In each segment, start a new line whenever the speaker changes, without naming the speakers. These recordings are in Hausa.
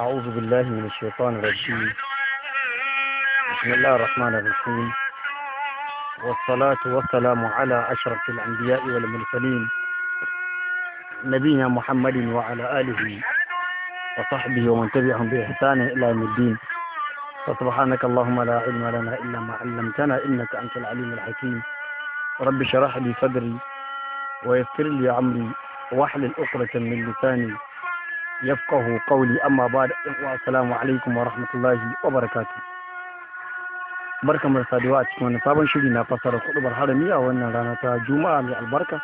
أعوذ بالله من الشيطان الرجيم بسم الله الرحمن الرحيم والصلاة والسلام على أشرف الأنبياء والمرسلين نبينا محمد وعلى آله وصحبه ومن تبعهم بإحسان إلى يوم الدين فسبحانك اللهم لا علم لنا إلا ما علمتنا إنك أنت العليم الحكيم رب اشرح لي صدري ويسر لي أمري واحلل عقدة من لساني yafqahu qawli amma ba da yan uwa assalamu alaikum wa rahmatullahi wa barakatuh barkamu saduwa a cikin wani sabon shiri na fasara bar harami a wannan rana ta juma'a mai albarka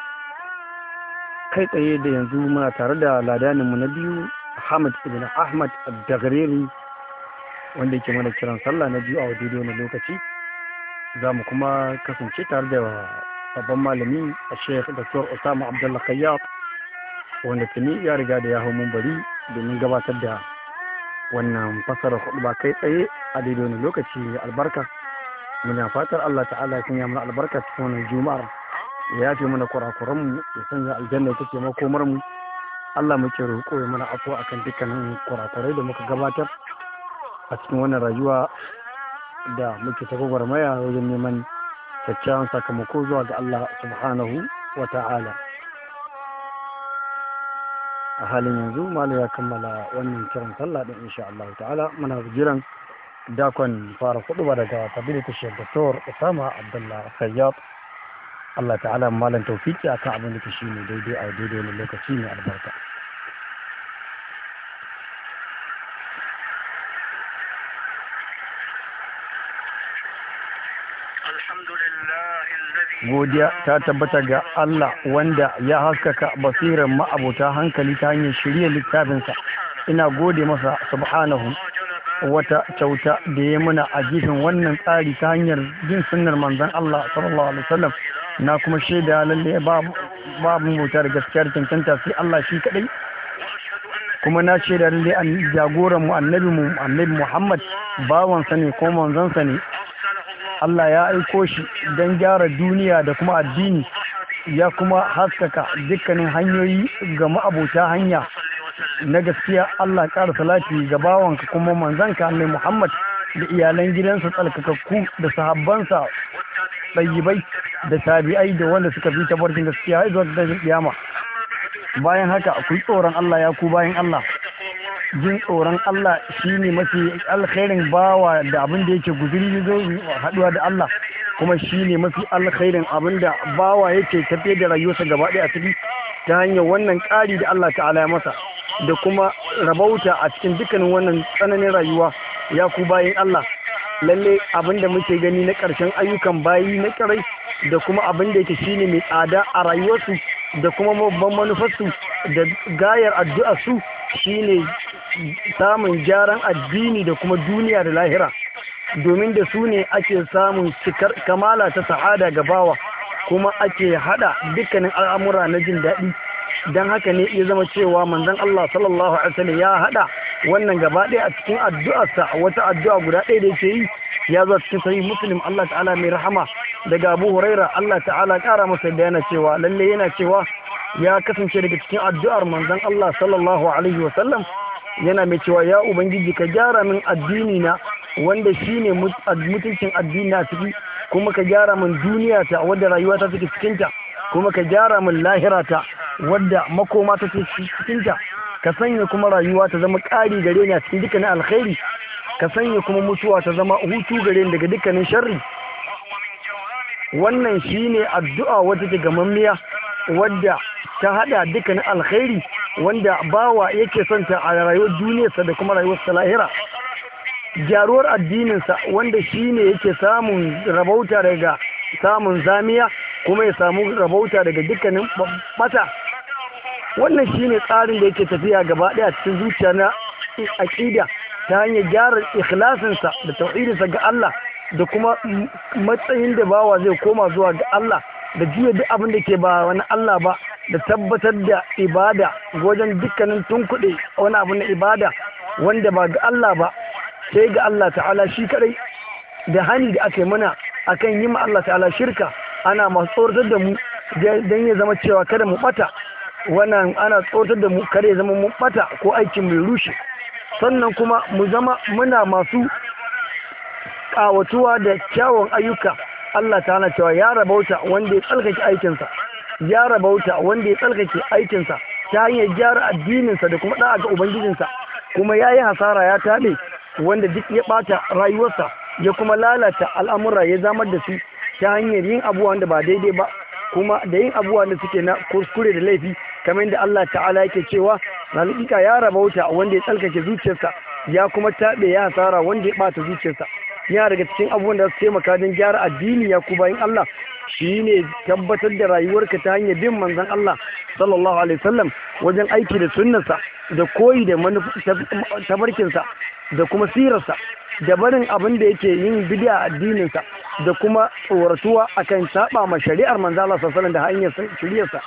kai tsaye da yanzu muna tare da mu na biyu Ahmad ibn Ahmad Dagreri wanda yake mana kiran sallah na biyu a daidai wani lokaci za mu kuma kasance tare da babban malami a Sheikh Dr. Osama Abdullah Khayyat wanda tuni ya riga da ya hau bari domin gabatar da wannan fasarar hudu ba kai tsaye a daidai wani lokaci albarka muna fatar Allah ta'ala ya sanya mana albarka cikin wannan juma'ar ya yafe mana kurakuranmu ya sanya aljanna take makomar mu Allah muke roƙo ya mana afuwa akan dukkanin kurakurai da muka gabatar a cikin wannan rayuwa da muke ta gwagwarmaya wajen neman kyakkyawan sakamako zuwa ga Allah subhanahu wa ta'ala. a halin yanzu malam ya kammala wannan kiran sallah din insha Allah ta'ala muna jiran dakon fara kuduba daga fadilatu shek doktor Usama Abdullah Sayyab Allah ta'ala malam tawfiki akan abin da ke shine daidai a daidai wani lokaci ne albarka godiya ta tabbata ga Allah wanda ya haskaka basirar ma'abuta hankali ta hanyar shirya littafinsa ina gode masa subhanahu wata kyauta da ya muna a gifin wannan tsari ta hanyar jin sunnar manzon Allah sallallahu alaihi wasallam na kuma shaida lalle babu bauta da gaskiyar cancanta sai Allah shi kadai kuma na shaida lalle an jagoran mu annabi mu annabi Muhammad bawansa ne ko manzon ne Allah ya aiko shi don gyara duniya da kuma addini ya kuma haskaka dukkanin hanyoyi ga ma'abota hanya na gaskiya Allah ƙara salati ga bawanka kuma manzanka mai Muhammad da iyalan gidansa tsalkakakku da sahabbansa ɗayyibai da tabi'ai da wanda suka fi tabarkin gaskiya zuwa tashin bayan haka akwai tsoron Allah ya ku bayan Allah jin tsoron Allah shine mafi alkhairin bawa da abin da yake guzuri zo haduwa da Allah kuma shine mafi alkhairin abin da bawa yake tafiye da rayuwarsa gaba ɗaya a ciki ta hanyar wannan ƙari da Allah ta ala masa da kuma rabauta a cikin dukkanin wannan tsananin rayuwa ya ku bayin Allah lalle abin da muke gani na ƙarshen ayyukan bayi na ƙarai da kuma abin da yake shine mai tsada a rayuwarsu da kuma babban manufarsu da gayar addu'arsu shine samun gyaran addini da kuma duniya da lahira domin da su ne ake samun cikar kamala ta sa'ada ga bawa kuma ake hada dukkanin al'amura na jin daɗi don haka ne ya zama cewa manzon Allah sallallahu alaihi wasallam ya hada wannan gaba ɗaya a cikin addu'arsa wata addu'a guda ɗaya da yake yi ya zo cikin sahih muslim Allah ta'ala mai rahama daga Abu Huraira Allah ta'ala kara masa da yana cewa lalle yana cewa ya kasance daga cikin addu'ar manzon Allah sallallahu alaihi wasallam yana mai cewa ya ubangiji ka gyara min addini na wanda shi ne mutuncin addini na ciki kuma ka gyara min duniya ta wadda rayuwa ta take cikinta kuma ka gyara min lahira ta wadda makoma ta take cikinta ka sanya kuma rayuwa ta zama ƙari gare ni a cikin dukkanin alkhairi ka sanya kuma mutuwa ta zama hutu gare ni daga dukkanin sharri wannan shine addu'a wadda ta gamammiya wadda ta hada dukkanin alkhairi wanda bawa yake son ta a rayuwar duniyarsa da kuma rayuwarsa lahira gyaruwar addininsa wanda shi ne yake samun rabauta daga samun zamiya kuma ya samu rabauta daga dukkanin bata wannan shi ne tsarin da yake tafiya gaba daya cikin zuciya na aƙida, ta hanyar gyara ikhlasinsa da tauhidinsa ga Allah da kuma matsayin da bawa zai koma zuwa ga Allah da juya duk abin da ke ba wani Allah ba da tabbatar da ibada wajen dukkanin tunkuɗe wani abu na ibada wanda ba ga Allah ba sai ga Allah ta'ala shi kadai da hani da aka yi mana akan yi ma Allah ta'ala shirka ana masu tsoratar da mu don ya zama cewa kada mu bata wannan ana tsoratar da mu kada ya zama mu bata ko aikin mai rushe sannan kuma mu zama muna masu ƙawatuwa da kyawun ayyuka Allah ta'ala cewa ya rabauta wanda ya tsarkake aikinsa ya bauta wanda ya tsarkake aikinsa ta hanyar gyara addininsa da kuma da'a ga ubangijinsa kuma ya yi hasara ya taɓe wanda duk ya ɓata rayuwarsa ya kuma lalata al'amura ya zamar da su ta hanyar yin abubuwan da ba daidai ba kuma da yin abubuwan da suke na kuskure da laifi kamar yadda Allah ta'ala yake cewa na ya rabauta wanda ya tsarkake zuciyarsa ya kuma taɓe ya hasara wanda ya ɓata zuciyarsa yana daga cikin abubuwan da su taimaka don gyara addini ya ku bayan Allah Shi ne tabbatar da rayuwarka ta hanyar bin manzan Allah sallallahu alaihi wasallam wajen aiki da sunnarsa da koyi da tabarkinsa da kuma sirarsa da barin abin da yake yin bidi'a addininsa da kuma tsoratuwa kan saba ma shari'ar manzon Allah sallallahu da hanyar shari'arsa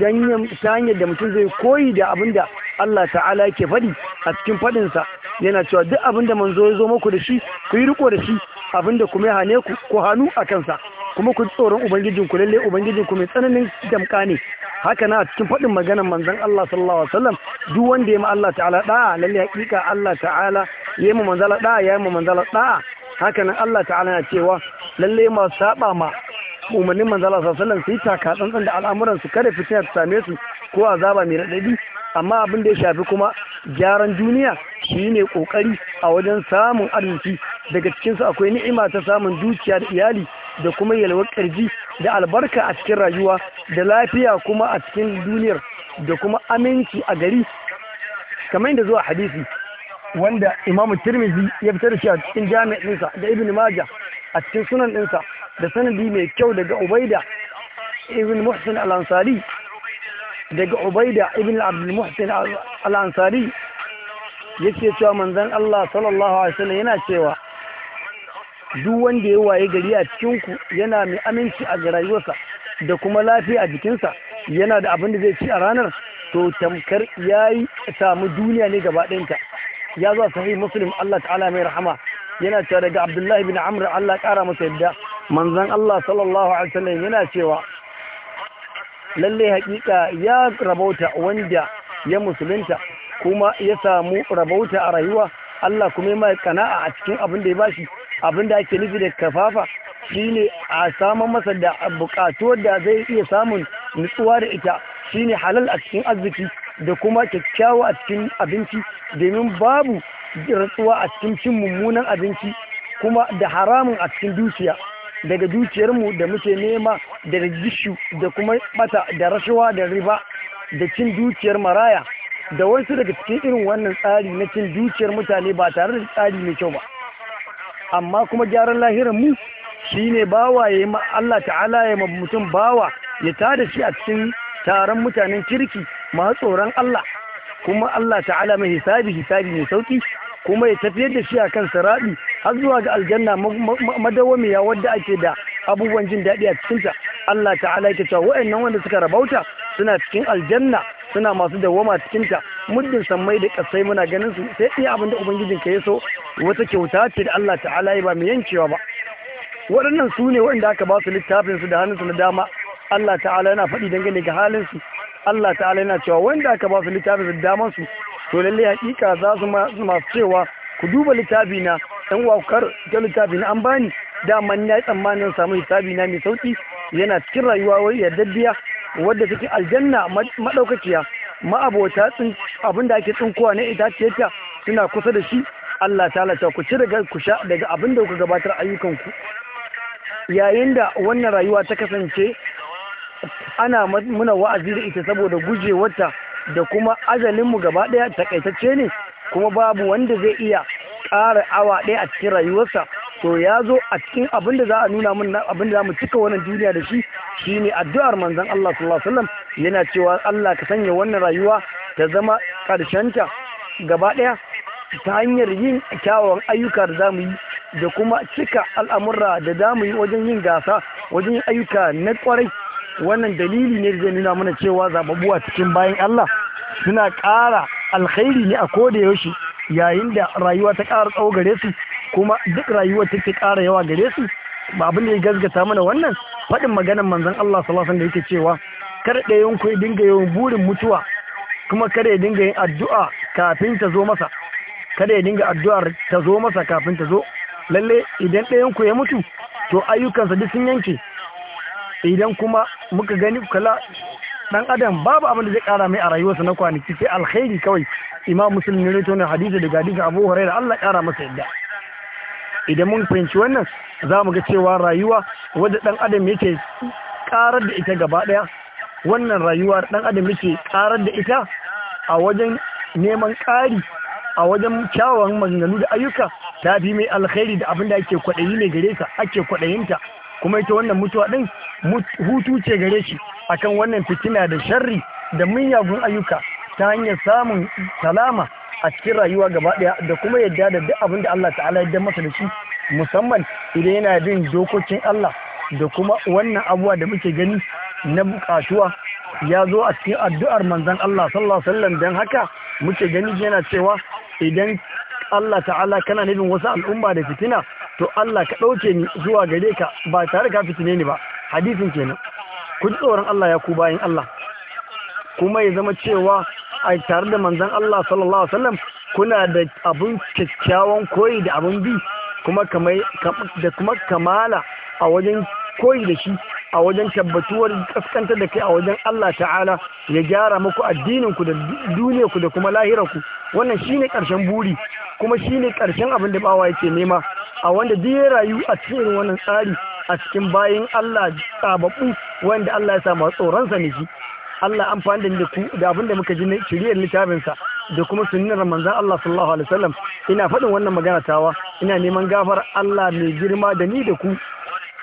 dan ta hanyar da mutum zai koyi da abin da Allah ta'ala yake faɗi a cikin faɗinsa yana cewa duk abin da manzo ya zo muku da shi ku yi riko da shi abin da kuma ya hane ku ku hannu a kansa kuma ku tsoron ubangijin ku lalle ubangijin mai tsananin damka ne haka na a cikin faɗin maganar manzon Allah sallallahu alaihi wasallam duk wanda ya ma Allah ta'ala da lalle hakika Allah ta'ala ya ma manzala da ya ma manzala da haka nan Allah ta'ala ya cewa lalle ma saba ma umarnin manzala sallallahu alaihi wasallam sai taka tsantsan da al'amuran su kada fitina ta same su ko azaba mai radadi amma abin da ya shafi kuma gyaran duniya shi ne kokari a wajen samun arziki daga cikinsu akwai ni'ima ta samun dukiya da iyali da kuma yalwar kirji da albarka a cikin rayuwa da lafiya kuma a cikin duniyar da kuma aminci a gari kamar yadda zuwa hadisi wanda imamu tirmizi ya fitar shi a cikin jami'in ɗinsa da ibn maja a cikin sunan ɗinsa da sanadi mai kyau daga ubaida ibn muhsin al-ansari daga ubaida ibn abdul muhsin al-ansari yake cewa manzon Allah sallallahu alaihi wasallam yana cewa duk wanda ya waye gari a cikinku yana mai aminci a rayuwarsa da kuma lafiya a jikinsa yana da abin da zai ci a ranar to tamkar ya yi samu duniya ne gaba ɗinta ya zuwa sahih muslim Allah ta'ala mai rahama yana cewa daga abdullahi bin amr Allah ƙara masa yadda manzon Allah sallallahu alaihi wasallam yana cewa lalle hakika ya rabauta wanda ya musulunta kuma ya samu rabauta a rayuwa Allah kuma ya mai kana'a a cikin abin da ya bashi abin da ake nufi da kafafa shine a saman masa da bukatu da zai iya samun nutsuwa da ita shine halal a cikin arziki da kuma kyakkyawa a cikin abinci domin babu ratsuwa a cikin cin mummunan abinci kuma da haramun a cikin dukiya daga dukiyarmu da muke nema da gishu da kuma bata da rashawa da riba da cin dukiyar maraya da wasu daga cikin irin wannan tsari na cin dukiyar mutane ba tare da tsari mai kyau ba amma kuma gyaran lahirar mu shine bawa ya Allah ta'ala ya ma mutum bawa ya tada shi a cikin taron mutanen kirki masu tsoron Allah kuma Allah ta'ala mai hisabi hisabi mai sauki kuma ya tafiyar da shi a kan sarabi har zuwa ga aljanna madawamiya wadda ake da abubuwan jin daɗi a cikinta Allah ta'ala yake cewa wa'annan wanda suka rabauta suna cikin aljanna suna masu dawoma cikin ta muddin sammai da kasai muna ganin su sai iya abin da ubangijin ka so wata kyauta ce da Allah ta'ala ya ba mu yankewa ba waɗannan su ne waɗanda aka ba su littafin su da hannunsu na dama Allah ta'ala yana faɗi dangane ga halin su Allah ta'ala yana cewa wanda aka ba su littafin su da su to lalle hakika za su masu cewa ku duba littafi na ɗan wakar ga littafi na an bani Da man ya tsammanin samu littafi na mai sauki yana cikin rayuwa wai yardaddiya wadda take aljanna madaukakiya ma'abota tsin abin da ake tsinkowa na ta suna kusa da shi Allah ta ku ci daga ku sha daga abin da kuka gabatar ayyukanku yayin da wannan rayuwa ta kasance ana muna wa'azi da ita saboda gujewarta da kuma mu gaba ɗaya takaitacce ne kuma babu wanda zai iya ƙara awa ɗaya a cikin rayuwarsa to ya zo a cikin abin da za a nuna min abin da za mu cika wannan duniya da shi shine addu'ar manzon Allah sallallahu alaihi wasallam yana cewa Allah ka sanya wannan rayuwa ta zama karshenta gaba daya ta hanyar yin kyawawan ayyuka da zamu yi da kuma cika al'amurra da zamu yi wajen yin gasa wajen yin ayyuka na kwarai wannan dalili ne da zai nuna mana cewa zababuwa cikin bayan Allah suna ƙara alkhairi ne a koda yaushe yayin da rayuwa ta ƙara tsawo gare su kuma duk rayuwar take ƙara yawa gare su ba abin da ya gazgata mana wannan faɗin maganar manzon Allah sallallahu alaihi da yake cewa kar ɗayan ku dinga yawan burin mutuwa kuma kada ya dinga yin addu'a kafin ta zo masa kada ya dinga addu'ar ta zo masa kafin ta zo lalle idan ɗayan ku ya mutu to ayyukansa duk sun yanke idan kuma muka gani kala dan adam babu abin da zai kara mai a rayuwarsa na kwanaki sai alkhairi kawai imam muslim ne rito ne hadisi daga hadisi abu hurairah Allah kara masa yadda idan mun fahimci wannan za mu ga cewa rayuwa wadda ɗan adam yake ƙarar da ita gaba ɗaya wannan rayuwa ɗan adam yake ƙarar da ita a wajen neman ƙari a wajen kyawawan maganganu da ayyuka ta fi mai alkhairi da abin da ake kwaɗayi ne gare ta ake kwaɗayinta kuma ita wannan mutuwa ɗin hutu ce gare shi akan wannan fitina da sharri da munyagun ayyuka ta hanyar samun salama a cikin rayuwa gaba daya da kuma yadda da duk abin da Allah ta'ala ya masa da shi musamman idan yana bin dokokin Allah da kuma wannan abuwa da muke gani na bukatuwa ya zo a cikin addu'ar manzon Allah sallallahu alaihi wasallam dan haka muke gani yana cewa idan Allah ta'ala kana nufin wasu al'umma da fitina to Allah ka ɗauke ni zuwa gare ka ba tare ka fitine ni ba hadisin kenan ku tsoron Allah ya ku bayan Allah kuma ya zama cewa a tare da manzon Allah sallallahu alaihi wasallam kuna da abun kyakkyawan koyi da abun bi da kuma kamala a wajen koyi da shi a wajen tabbatuwar kaskantar da kai a wajen Allah ta'ala ya gyara muku addininku da duniyarku da kuma lahirarku wannan ne karshen buri kuma ne karshen abin da bawa yake nema a wanda duk ya rayu a cikin wannan tsari a cikin bayan Allah tsababbu wanda Allah ya sa tsoronsa tsoron ne shi Allah amfani da ku da abin da muka ji shiriyar littafinsa da kuma sunnar manzan Allah sallallahu alaihi wasallam ina faɗin wannan magana tawa ina neman gafar Allah mai girma da ni da ku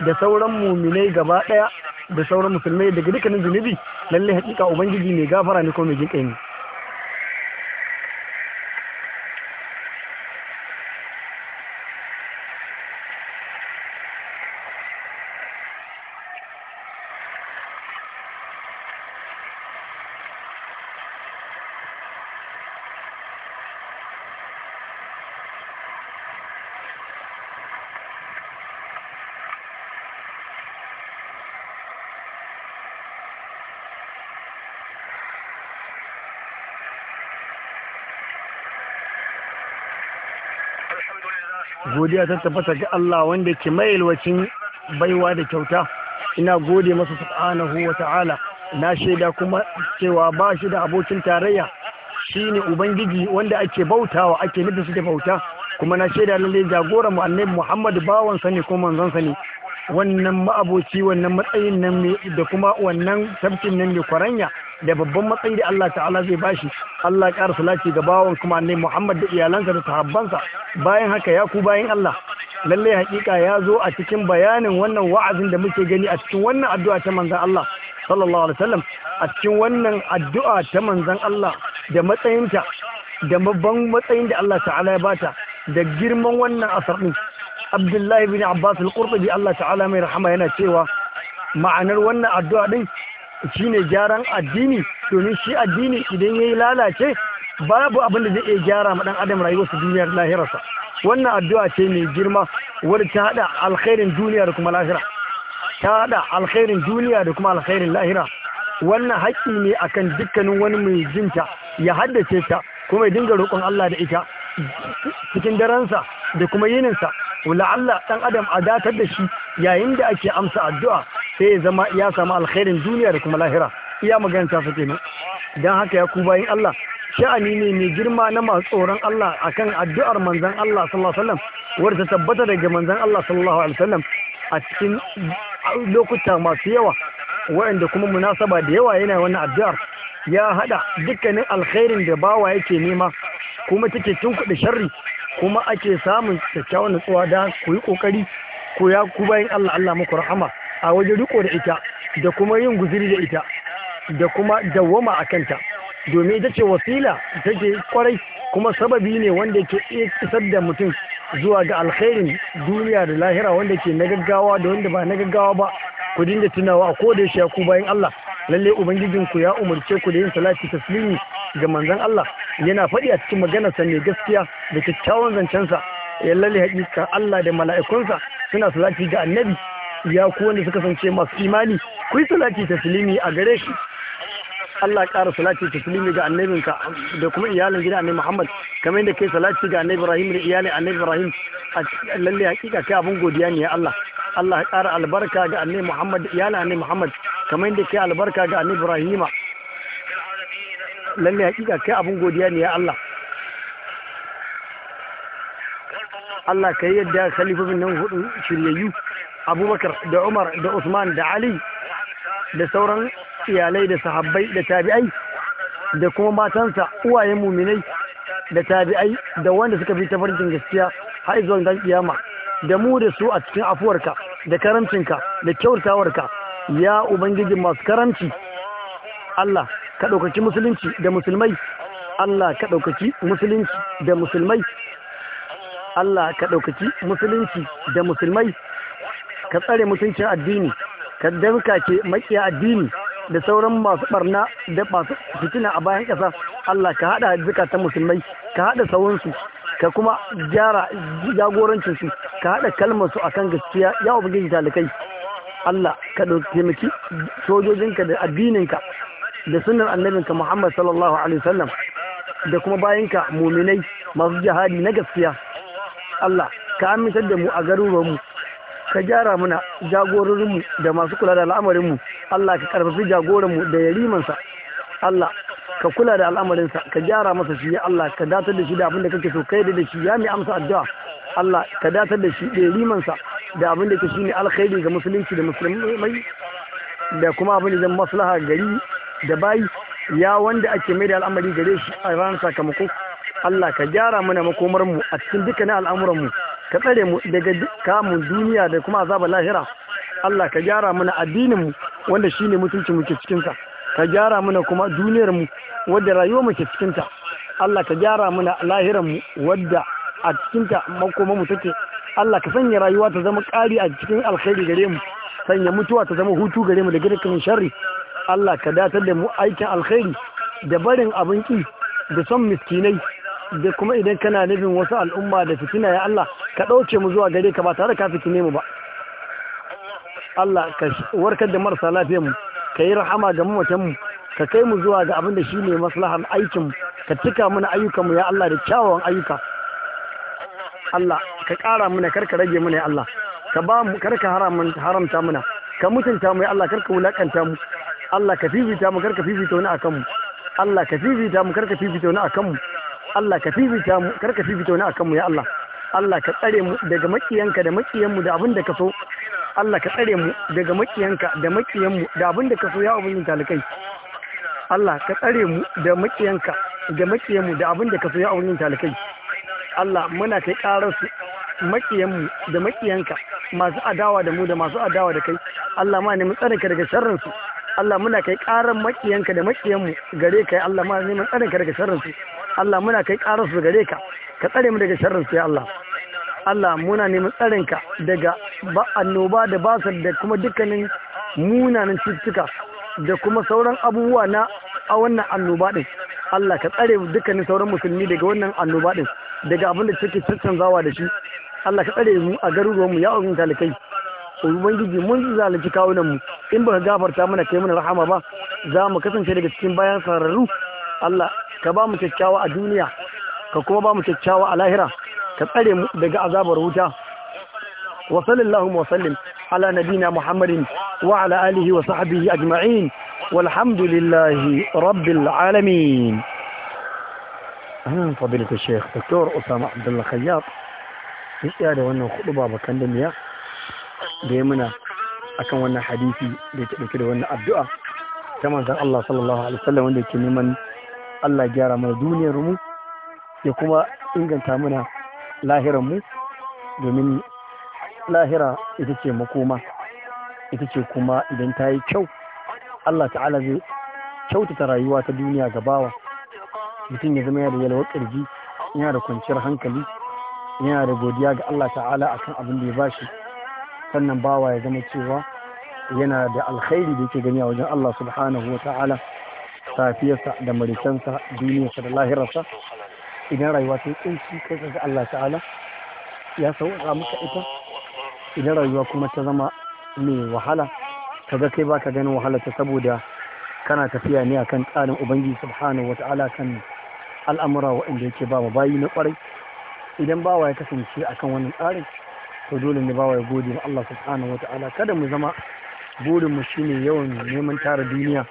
da sauran muminai gaba ɗaya da sauran musulmai daga dukkanin zunubi lalle hakika ubangiji mai gafara ne ko mai jinƙai ne godiya ta tabbata ga Allah wanda ke mailwacin baiwa da kyauta ina gode masa subhanahu wa ta'ala na shaida kuma cewa ba shi da abokin tarayya shine ubangiji wanda ake bautawa ake nufi su da bauta kuma na shaida lalle jagoran mu annabi Muhammad bawan sani ko manzon sani wannan ma'aboci wannan matsayin nan da kuma wannan tafkin nan mai kwaranya da babban matsayi da Allah ta'ala zai bashi Allah ya ƙara salati ga bawan kuma ne. Muhammad da iyalansa da sahabbansa bayan haka ya ku bayan Allah lalle hakika ya zo a cikin bayanin wannan wa'azin da muke gani a cikin wannan addu'a ta manzon Allah sallallahu alaihi wasallam a cikin wannan addu'a ta manzon Allah da matsayinta da babban matsayin da Allah ta'ala ya bata da girman wannan asar din Abdullahi bin Abbas al-Qurtubi Allah ta'ala mai rahama yana cewa ma'anar wannan addu'a din shine gyaran addini domin shi addini idan ya yi lalace babu abin da zai iya gyara ma dan adam rayuwarsa duniyar lahirarsa wannan addu'a ce mai girma wadda ta hada alkhairin duniya da kuma lahira ta hada alkhairin duniya da kuma alkhairin lahira wannan haƙƙi ne akan dukkanin wani mai jinta ya haddace ta kuma ya dinga roƙon Allah da ita cikin daransa da kuma yininsa la'alla dan adam a datar da shi yayin da ake amsa addu'a sai ya zama ya samu alkhairin duniya da kuma lahira iya magana ta fake nan dan haka ya ku bayin Allah sha'ani ne mai girma na masu tsoron Allah akan addu'ar manzon Allah sallallahu alaihi wasallam ta tabbata daga manzon Allah sallallahu alaihi wasallam a cikin lokuta masu yawa waɗanda kuma munasaba da yawa yana wannan addu'ar ya hada dukkanin alkhairin da bawa yake nema kuma take tun kuɗi sharri kuma ake samun kyakkyawan nutsuwa da ku yi ƙoƙari ku ya ku bayan Allah Allah muku rahama a wajen riko da ita da kuma yin guziri da ita da kuma dawwama a kanta domin ita ce wasila take kwarai kuma sababi ne wanda ke isar da mutum zuwa ga alkhairin duniya da lahira wanda ke na gaggawa da wanda ba na gaggawa ba ku dinga tunawa ko da yaushe ku bayan Allah lalle ku ya umarce ku da yin salati taslimi ga manzon Allah yana faɗi a cikin maganarsa ne gaskiya da kyakkyawan zancensa ya eh, lalle hakika Allah da mala'ikunsa suna salati ga annabi ya ku wanda suka sance masu imani ku yi salati filimi a gare shi Allah ƙara salati ta filimi ga annabinka da kuma iyalin gida annabi Muhammad kamar yadda kai salati ga annabi Ibrahim da iyalin annabi Ibrahim lalle hakika kai abun godiya ne ya Allah Allah ƙara albarka ga annabi Muhammad da iyalin annabi Muhammad kamar yadda kai albarka ga annabi Ibrahim lalle hakika kai abun godiya ne ya Allah Allah kai yadda Khalifa bin nan hudu shiryayyu abubakar da umar da usman da ali da sauran iyalai da sahabbai da tabi'ai da kuma matansa uwayen muminai da tabi'ai da wanda suka fi farkin gaskiya har zuwa dan kiyama da mu da su a cikin afuwarka da karamcinka da kyautawarka ya ubangiji masu karamci Allah ka ɗaukaki musulunci da musulmai Allah ka ɗaukaki musulunci da musulmai Allah ka ɗaukaki musulunci da musulmai ka tsare mutuncin addini ka ce makiya addini da sauran masu barna da masu fitina a bayan ƙasa Allah ka haɗa zukatan musulmai ka haɗa sauransu ka kuma gyara jagorancinsu ka haɗa kalmarsu akan gaskiya ya ubangiji talakai Allah ka taimaki sojojinka da addininka da sunan annabinka Muhammad sallallahu alaihi wasallam da kuma bayanka muminai masu jihadi na gaskiya Allah ka amintar da mu a garuruwanmu ka gyara muna jagororinmu da masu kula da al'amarinmu Allah ka karfafi jagoranmu da yarimansa Allah ka kula da al'amarinsa ka gyara masa shi ya Allah ka datar da shi da abin da kake so kai da shi ya mai amsa addu'a Allah ka datar da shi da yarimansa da abin da ke shine alkhairi ga musulunci da musulmai da kuma abin da zan maslaha gari da bayi ya wanda ake mai da al'amari gare shi a ranar sakamako Allah ka gyara mana makomarmu a cikin dukkanin al'amuran mu ka tsare mu daga kamun duniya da kuma azabar lahira Allah ka gyara mana addininmu wanda shi ne mutunci muke cikinta. ka gyara mana kuma duniyar mu wadda rayuwar muke cikinta. Allah ka gyara mana lahiran mu wadda a cikinta ta take Allah ka sanya rayuwa ta zama ƙari a cikin alkhairi gare mu sanya mutuwa ta zama hutu gare mu daga dukkanin sharri Allah ka datar da mu aikin alkhairi da barin abin ki da son miskinai da kuma idan kana nufin wasu al'umma da fitina ya Allah ka ɗauke mu zuwa gare ka ba tare ka fitine mu ba Allah ka warkar da marasa lafiyar mu ka yi rahama ga mamatan mu ka kai mu zuwa ga abin da shi ne maslahar aikin mu ka cika mana ayyukan mu ya Allah da kyawawan ayyuka Allah ka ƙara mana kar ka rage mana ya Allah ka ba mu kar ka haramta mana ka mutunta mu ya Allah kar ka wulakanta mu Allah ka fifita mu kar ka fifita wani akan mu Allah ka fifita mu kar ka fifita wani akan mu Allah ka fifita mu kar ka fifita wani akan mu ya Allah Allah ka tsare mu daga makiyanka da makiyanmu da abin da ka so Allah ka tsare mu daga makiyanka da makiyanmu da abin da ka so ya ubangiji talakai Allah ka tsare mu da makiyanka da makiyanmu da abin da ka so ya ubangiji talakai Allah muna kai karar su makiyanmu da makiyanka masu adawa da mu da masu adawa da kai Allah ma nemi tsare ka daga sharrin su Allah muna kai karar makiyanka da makiyanmu gare kai Allah ma nemi tsare ka daga sharrin su Allah muna kai karar su gare ka ka tsare mu daga sharrinsu su ya Allah Allah muna neman tsarin ka daga annoba da basa da kuma dukkanin munanan cututtuka da kuma sauran abubuwa na a wannan annoba din Allah ka tsare dukkanin sauran musulmi daga wannan annoba din daga abin da take zawa da shi Allah ka tsare mu a garuruwan mu ya ubin talikai ubangiji mun zalunci kawunan mu in baka gafarta mana kai mana rahama ba za mu kasance daga cikin bayan sararru Allah ka ba mu kyakkyawa a duniya ka kuma ba mu kyakkyawa a lahira ka tsare mu daga azabar wuta wa sallallahu wa sallim ala nabina muhammadin wa ala alihi wa sahbihi ajma'in walhamdulillahi rabbil alamin فضيلة الشيخ دكتور أسامة عبد الله خياط gaskiya da wannan hudu babakan da miya da ya muna akan wannan hadisi da ya dauke da wannan addu'a ta manzon Allah sallallahu alaihi wasallam wanda ke neman Allah gyara mana duniyar mu ya kuma inganta mana lahirar mu domin lahira ita ce makoma ita ce kuma idan ta yi kyau Allah ta'ala zai kyautata rayuwa ta duniya ga bawa mutum ya zama yana da yalwar kirji yana da kwanciyar hankali yana da godiya ga Allah ta'ala akan abin da ya bashi sannan bawa ya zama cewa yana da alkhairi da yake gani a wajen Allah subhanahu wa ta'ala safiyarsa da marisansa duniyarsa da lahirarsa idan rayuwa ta yi kunci kai kaga Allah ta'ala ya sauƙa maka ita idan rayuwa kuma ta zama mai wahala kaga kai baka ganin wahala ta saboda kana tafiya ne akan tsarin ubangiji subhanahu wata'ala kan al'amura waɗanda yake ba mu bayi na kwarai idan bawa ya kasance akan wannan tsarin to dole ne bawa ya gode ma Allah subhanahu wata'ala kada mu zama burin mu shine yawan neman tara duniya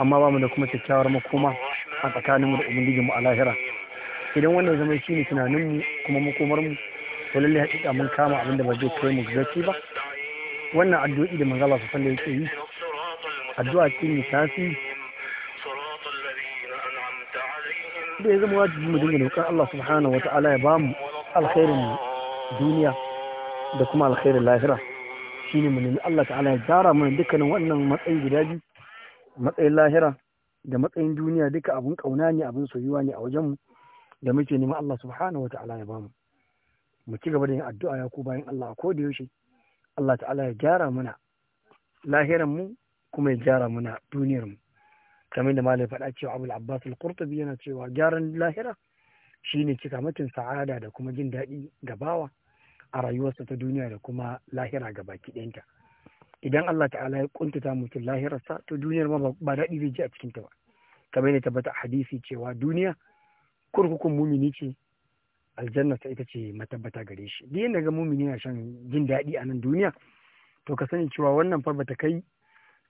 amma ba mu da kuma kyakkyawar makoma a tsakaninmu da ubangiji mu a lahira idan wannan zama shi ne tunaninmu kuma makomarmu to lalle hakika mun kama abin da ba zai kai mu gaci ba wannan addu'o'i da manzo Allah sallallahu yake yi addu'a ce mai tasiri da ya zama wajibi mu dinga roƙon Allah subhanahu wata'ala ya bamu alkhairin duniya da kuma alkhairin lahira shine mu nemi Allah ta'ala ya gyara mana dukkanin wannan matsayi guda biyu matsayin lahira da matsayin duniya duka abun ƙauna ne abun soyuwa ne a wajenmu da muke neman Allah subhanahu wata'ala ya bamu mu ci gaba da yin addu'a ya ku bayan Allah a da yaushe Allah ta'ala ya gyara mana lahiran mu kuma ya gyara mana duniyar mu kamar da malai faɗa cewa Abul Abbas al-Qurtubi yana cewa gyaran lahira shine cika mutun sa'ada da kuma jin daɗi ga bawa a rayuwarsa ta duniya da kuma lahira ga baki ɗayanta. idan Allah ta'ala ya kuntata mutum lahirarsa to duniyar ma ba daɗi zai ji a cikin ta ba kamar ne tabbata hadisi cewa duniya kurkukun mumini ce aljanna ta ita ce matabbata gare shi duk yanda ga mumini na shan jin daɗi a nan duniya to ka sani cewa wannan fa bata kai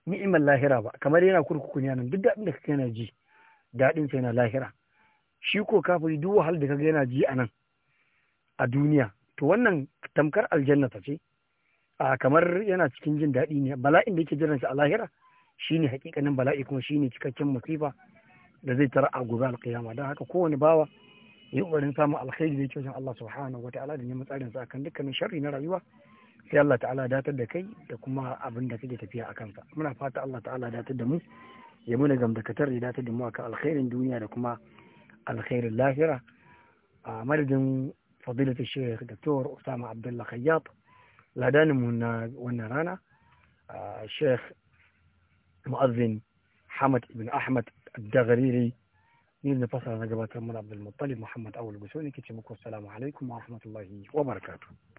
ni'imar lahira ba kamar yana kurkuku ne nan duk daɗin da kake yana ji daɗin sa yana lahira shi ko kafiri duk wahal da kaga yana ji a nan a duniya to wannan tamkar aljanna ta ce a kamar yana cikin jin daɗi ne bala'in da yake jiran shi a lahira shine hakikanin bala'i kuma shine cikakken musifa da zai tara a gobe alkiyama don haka kowane bawa yi ƙoƙarin samun alkhairi da yake wajen Allah subhanahu wata'ala da neman tsarin sa kan dukkanin sharri na rayuwa sai Allah ta'ala datar da kai da kuma abin da kake tafiya a kansa muna fata Allah ta'ala datar da mu ya muna gamdakatar da datar da mu akan alkhairin duniya da kuma alkhairin lahira a madadin fadilatul shaykh dr Usama Abdullah Khayyat ladaninmu na wannan rana sheikh mu'azzin hamad ibn ahmad dagariri ni da fasara na gabatar mana abdulmuttalib muhammad awul guso ne ke ce muku assalamu alaikum wa rahmatullahi wa barakatuh